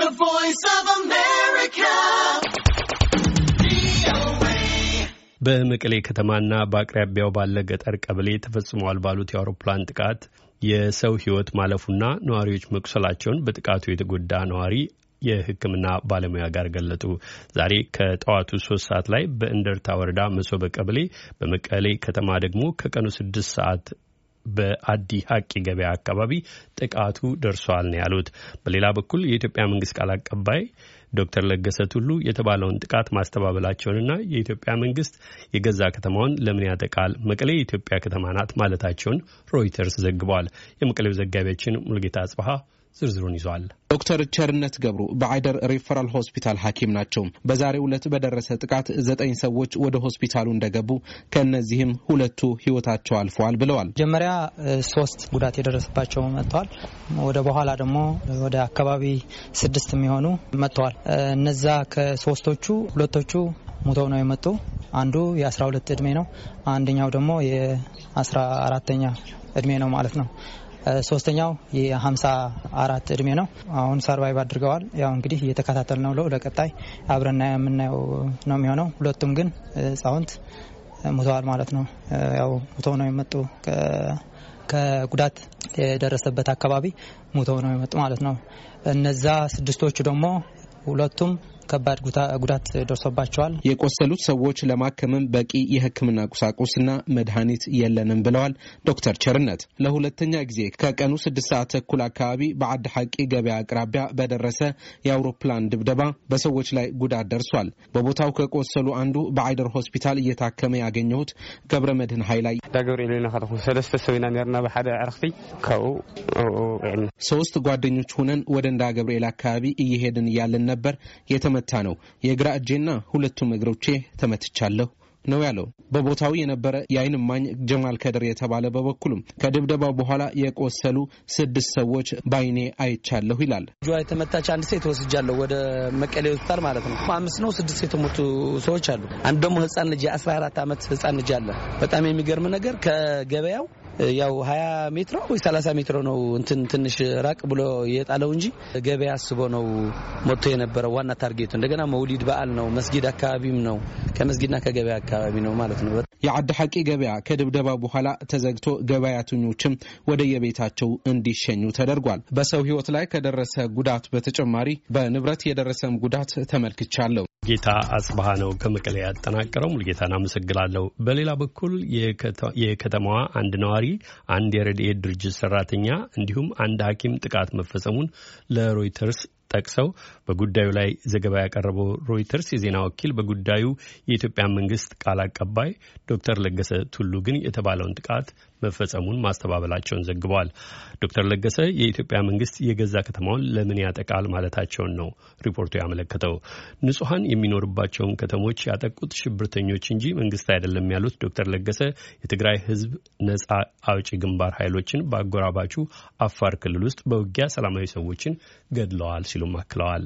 The Voice of America. በመቀሌ ከተማና በአቅራቢያው ባለ ገጠር ቀበሌ ተፈጽመዋል። ባሉት የአውሮፕላን ጥቃት የሰው ሕይወት ማለፉና ነዋሪዎች መቁሰላቸውን በጥቃቱ የተጎዳ ነዋሪ የሕክምና ባለሙያ ጋር ገለጡ። ዛሬ ከጠዋቱ ሶስት ሰዓት ላይ በእንደርታ ወረዳ መሶበ ቀበሌ በመቀሌ ከተማ ደግሞ ከቀኑ ስድስት ሰዓት በአዲ ሀቂ ገበያ አካባቢ ጥቃቱ ደርሷል ነው ያሉት። በሌላ በኩል የኢትዮጵያ መንግስት ቃል አቀባይ ዶክተር ለገሰ ቱሉ የተባለውን ጥቃት ማስተባበላቸውንና የኢትዮጵያ መንግስት የገዛ ከተማውን ለምን ያጠቃል? መቀሌ የኢትዮጵያ ከተማ ናት ማለታቸውን ሮይተርስ ዘግቧል። የመቀሌው ዘጋቢያችን ሙልጌታ አጽበሀ ዝርዝሩን ይዟል። ዶክተር ቸርነት ገብሩ በአይደር ሪፈራል ሆስፒታል ሐኪም ናቸው። በዛሬው ዕለት በደረሰ ጥቃት ዘጠኝ ሰዎች ወደ ሆስፒታሉ እንደገቡ ከእነዚህም ሁለቱ ህይወታቸው አልፈዋል ብለዋል። መጀመሪያ ሶስት ጉዳት የደረሰባቸው መጥተዋል። ወደ በኋላ ደግሞ ወደ አካባቢ ስድስት የሚሆኑ መጥተዋል። እነዛ ከሶስቶቹ ሁለቶቹ ሙተው ነው የመጡ። አንዱ የ12 ዕድሜ ነው። አንደኛው ደግሞ የ14ተኛ ዕድሜ ነው ማለት ነው። ሶስተኛው የሀምሳ አራት እድሜ ነው። አሁን ሰርቫይቭ አድርገዋል። ያው እንግዲህ እየተከታተል ነው ለው ለቀጣይ አብረና የምናየው ነው የሚሆነው። ሁለቱም ግን ህጻውንት ሙተዋል ማለት ነው። ያው ሙተው ነው የመጡ ከጉዳት የደረሰበት አካባቢ ሙተው ነው የመጡ ማለት ነው። እነዛ ስድስቶቹ ደግሞ ሁለቱም ከባድ ጉዳት ደርሶባቸዋል። የቆሰሉት ሰዎች ለማከምም በቂ የሕክምና ቁሳቁስና መድኃኒት የለንም ብለዋል ዶክተር ቸርነት። ለሁለተኛ ጊዜ ከቀኑ ስድስት ሰዓት ተኩል አካባቢ በአድ ሐቂ ገበያ አቅራቢያ በደረሰ የአውሮፕላን ድብደባ በሰዎች ላይ ጉዳት ደርሷል። በቦታው ከቆሰሉ አንዱ በአይደር ሆስፒታል እየታከመ ያገኘሁት ገብረ መድህን ሀይላይ ሶስት ጓደኞች ሁነን ወደ እንዳ ገብርኤል አካባቢ እየሄድን እያለን ነበር የተመ የተመታ ነው። የግራ እጄና ሁለቱም እግሮቼ ተመትቻለሁ ነው ያለው። በቦታው የነበረ የአይን እማኝ ጀማል ከድር የተባለ በበኩሉም ከድብደባው በኋላ የቆሰሉ ስድስት ሰዎች በአይኔ አይቻለሁ ይላል። እጇ የተመታች አንድ ሴት ወስጃለሁ ወደ መቀሌ ሆስፒታል ማለት ነው። አምስት ነው ስድስት የተሞቱ ሰዎች አሉ። አንድ ደግሞ ህጻን ልጅ የአስራ አራት ዓመት ህጻን ልጅ አለ። በጣም የሚገርም ነገር ከገበያው ያው 20 ሜትሮ ወይ 30 ሜትሮ ነው እንትን ትንሽ ራቅ ብሎ የጣለው እንጂ ገበያ አስቦ ነው ሞቶ የነበረው ዋና ታርጌቱ። እንደገና መውሊድ በዓል ነው መስጊድ አካባቢም ነው ከመስጊድና ከገበያ አካባቢ ነው ማለት ነው። የዓዲ ሐቂ ገበያ ከድብደባ በኋላ ተዘግቶ ገበያተኞችም ወደ የቤታቸው እንዲሸኙ ተደርጓል። በሰው ህይወት ላይ ከደረሰ ጉዳት በተጨማሪ በንብረት የደረሰም ጉዳት ተመልክቻለሁ። ሙልጌታ አጽባሀ ነው ከመቀሌ ያጠናቀረው። ሙልጌታን አመሰግናለሁ። በሌላ በኩል የከተማዋ አንድ ነዋሪ አንድ የረድኤት ድርጅት ሰራተኛ እንዲሁም አንድ ሐኪም ጥቃት መፈጸሙን ለሮይተርስ ጠቅሰው በጉዳዩ ላይ ዘገባ ያቀረበው ሮይተርስ የዜና ወኪል በጉዳዩ የኢትዮጵያ መንግስት ቃል አቀባይ ዶክተር ለገሰ ቱሉ ግን የተባለውን ጥቃት መፈጸሙን ማስተባበላቸውን ዘግበዋል። ዶክተር ለገሰ የኢትዮጵያ መንግስት የገዛ ከተማውን ለምን ያጠቃል ማለታቸውን ነው ሪፖርቱ ያመለከተው። ንጹሐን የሚኖርባቸውን ከተሞች ያጠቁት ሽብርተኞች እንጂ መንግስት አይደለም ያሉት ዶክተር ለገሰ የትግራይ ህዝብ ነጻ አውጪ ግንባር ኃይሎችን በአጎራባቹ አፋር ክልል ውስጥ በውጊያ ሰላማዊ ሰዎችን ገድለዋል ሲሉ ሲሉም አክለዋል።